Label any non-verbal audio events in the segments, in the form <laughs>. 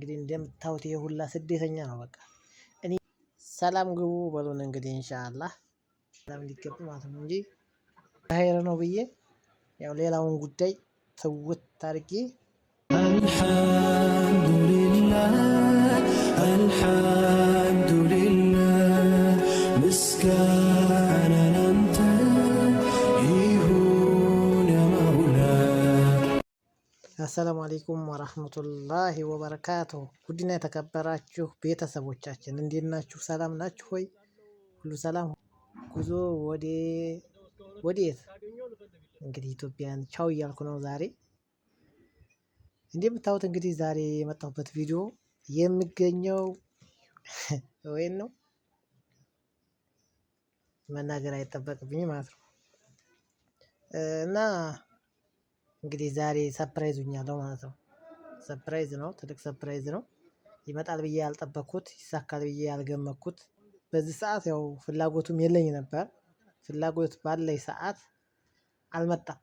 እንግዲህ እንደምታዩት የሁላ ስደተኛ ነው። በቃ እኔ ሰላም ግቡ በሉን እንግዲህ ኢንሻአላህ ሰላም ሊገቡ ማለት ነው እንጂ ሀይር ነው ብዬ ያው ሌላውን ጉዳይ ትውት ታርጌ አልሐምዱሊላህ አልሐምዱሊላህ ምስጋና አሰላሙ አሌይኩም ወራህመቱላሂ ወበረካቱሁ ውድና የተከበራችሁ ቤተሰቦቻችን እንዴት ናችሁ? ሰላም ናችሁ ወይ? ሁሉ ሰላም። ጉዞ ወዴት? እንግዲህ ኢትዮጵያን ቻው እያልኩ ነው ዛሬ። እንደምታዩት እንግዲህ ዛሬ የመጣሁበት ቪዲዮ የሚገኘው <laughs> ወይን ነው መናገር አይጠበቅብኝ ማለት ነው እና እንግዲህ ዛሬ ሰፕራይዝ ሆኛለሁ ማለት ነው። ሰፕራይዝ ነው፣ ትልቅ ሰፕራይዝ ነው። ይመጣል ብዬ ያልጠበኩት፣ ይሳካል ብዬ ያልገመኩት በዚህ ሰዓት ያው ፍላጎቱም የለኝ ነበር። ፍላጎት ባለኝ ሰዓት አልመጣም።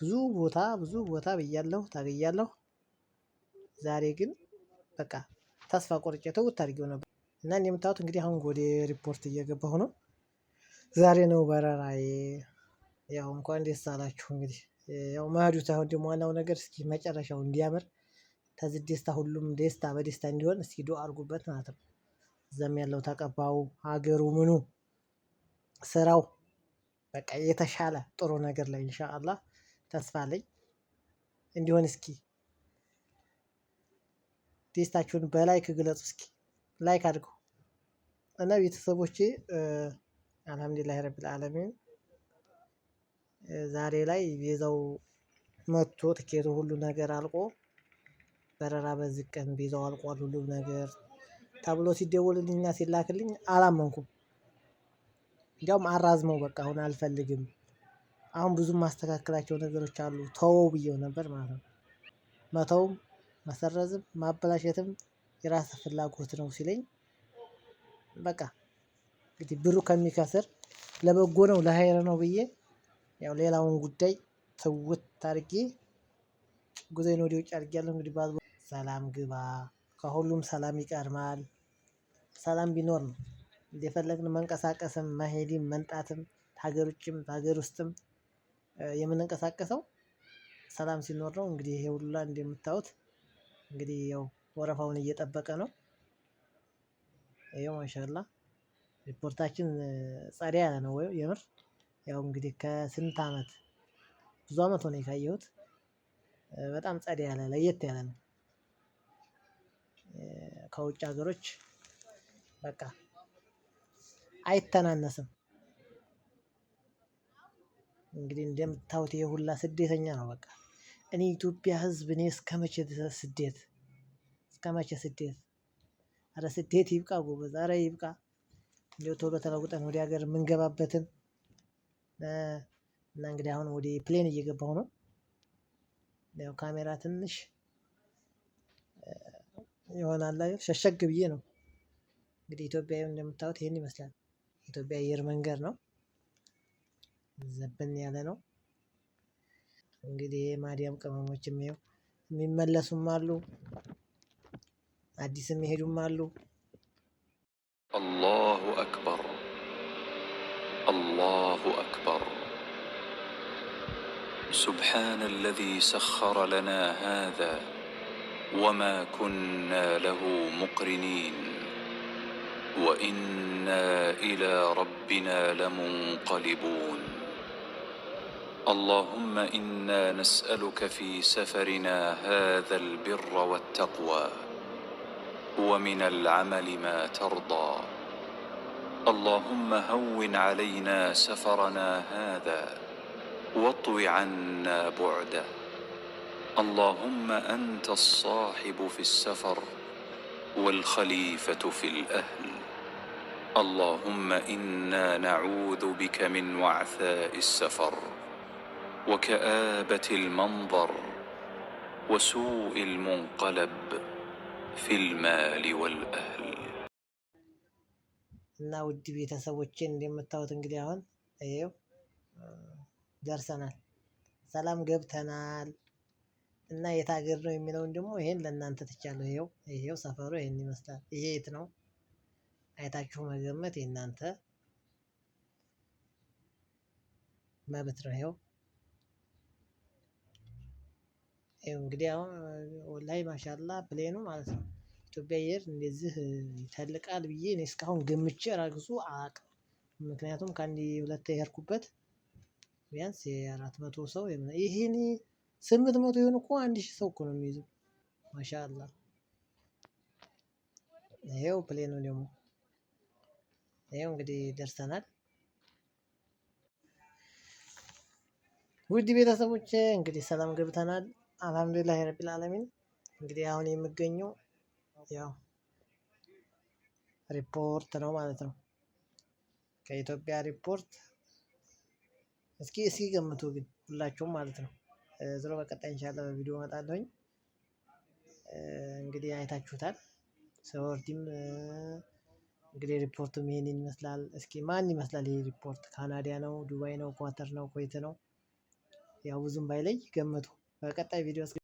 ብዙ ቦታ ብዙ ቦታ ብያለሁ ታገያለሁ። ዛሬ ግን በቃ ተስፋ ቆርጬ ተውት አድርጌው ነበር እና እንደምታዩት እንግዲህ አሁን ወደ ሪፖርት እየገባሁ ነው። ዛሬ ነው በረራዬ። ያው እንኳን ደስ አላችሁ እንግዲህ ያው ማዶት አሁን ደግሞ ዋናው ነገር እስኪ መጨረሻው እንዲያምር ከዚህ ደስታ ሁሉም ደስታ በደስታ እንዲሆን እስኪ ዱ አድርጉበት ማለት ነው። እዛም ያለው ተቀባው ሀገሩ ምኑ ስራው በቃ የተሻለ ጥሩ ነገር ላይ ኢንሻአላህ ተስፋ ለኝ እንዲሆን እስኪ ደስታችሁን በላይክ ግለጹ። እስኪ ላይክ አድርጉ እና ቤተሰቦቼ አልሐምዱሊላህ ረብል ዛሬ ላይ ቪዛው መጥቶ ትኬቱ ሁሉ ነገር አልቆ በረራ በዚህ ቀን ቪዛው አልቋል ሁሉ ነገር ተብሎ ሲደወልልኝና ሲላክልኝ አላመንኩም። እንዲያውም አራዝመው በቃ አሁን አልፈልግም፣ አሁን ብዙ ማስተካከላቸው ነገሮች አሉ ተወው ብዬው ነበር ማለት ነው። መተውም መሰረዝም ማበላሸትም የራስ ፍላጎት ነው ሲለኝ በቃ እንግዲህ ብሩ ከሚከስር ለበጎ ነው ለሀይረ ነው ብዬ ያው ሌላውን ጉዳይ ትውት አድርጌ ጉዞዬን ወደ ውጭ አድርጌያለሁ። እንግዲህ ባዝ ሰላም ግባ፣ ከሁሉም ሰላም ይቀድማል። ሰላም ቢኖር ነው እንደፈለግን መንቀሳቀስም መሄድም መንጣትም ሀገር ውጭም ሀገር ውስጥም የምንንቀሳቀሰው ሰላም ሲኖር ነው። እንግዲህ ይሄ ሁላ እንደምታዩት እንግዲህ ያው ወረፋውን እየጠበቀ ነው። ይኸው ማሻላ ሪፖርታችን ጸዳ ነው ወይም የምር ያው እንግዲህ ከስንት አመት ብዙ አመት ሆነ ካየሁት በጣም ጸድ ያለ ለየት ያለ ነው። ከውጭ ሀገሮች በቃ አይተናነስም። እንግዲህ እንደምታዩት የሁላ ስደተኛ ነው። በቃ እኔ ኢትዮጵያ ህዝብ፣ እኔ እስከመቼ ስደት እስከመቼ ስደት? አረ ስደት ይብቃ ጎበዝ፣ አረ ይብቃ። እንዲያው ቶሎ ተለውጠን ወደ ሀገር የምንገባበትን እና እንግዲህ አሁን ወደ ፕሌን እየገባሁ ነው። ያው ካሜራ ትንሽ ይሆናል ሸሸግ ብዬ ነው እንግዲህ ኢትዮጵያ እንደምታዩት ይህን ይመስላል። ኢትዮጵያ አየር መንገድ ነው፣ ዘብን ያለ ነው። እንግዲህ የማዲያም ቅመሞችም ይኸው የሚመለሱም አሉ፣ አዲስ የሚሄዱም አሉ። አላሁ አክበር الله أكبر سبحان الذي سخر لنا هذا وما كنا له مقرنين وإنا إلى ربنا لمنقلبون اللهم إنا نسألك في سفرنا هذا البر والتقوى ومن العمل ما ترضى اللهم هون علينا سفرنا هذا واطو عنا بعده اللهم أنت الصاحب في السفر والخليفة في الأهل اللهم إنا نعوذ بك من وعثاء السفر وكآبة المنظر وسوء المنقلب في المال والأهل እና ውድ ቤተሰቦቼ እንደምታዩት እንግዲህ አሁን ይኸው ደርሰናል። ሰላም ገብተናል። እና የት ሀገር ነው የሚለውን ደግሞ ይሄን ለእናንተ ትቻለሁ። ይኸው ይሄው ሰፈሩ ይሄን ይመስላል። ይሄ የት ነው አይታችሁ መገመት የእናንተ መብት ነው። ይኸው ይኸው እንግዲህ አሁን ላይ ማሻላ ፕሌኑ ማለት ነው። የኢትዮጵያ አየር እንደዚህ ይተልቃል ብዬ እኔ እስካሁን ገምቼ ራሱ አላውቅም። ምክንያቱም ከአንድ ሁለት የሄድኩበት ቢያንስ የአራት መቶ ሰው ይሄን ስምንት መቶ የሆኑ እኮ አንድ ሺህ ሰው እኮ ነው የሚይዘው። ማሻአላ ይሄው ፕሌኑ ደግሞ ይሄው እንግዲህ ደርሰናል። ውድ ቤተሰቦች እንግዲህ ሰላም ገብተናል። አልሐምዱሊላህ ረቢል ዓለሚን እንግዲህ አሁን የምገኘው ያው ሪፖርት ነው ማለት ነው። ከኢትዮጵያ ሪፖርት እስኪ እስኪ ገምቱ ግን ሁላችሁም ማለት ነው። ዝሮ በቀጣይ እንሻላ በቪዲዮ እመጣለሁኝ። እንግዲህ አይታችሁታል። ሰወርዲም እንግዲህ ሪፖርቱ ይሄን ይመስላል። እስኪ ማን ይመስላል ይሄ ሪፖርት? ካናዳ ነው? ዱባይ ነው? ኳተር ነው? ኮይት ነው? ያው ብዙም ባይለይ ገምቱ። በቀጣይ ቪዲዮ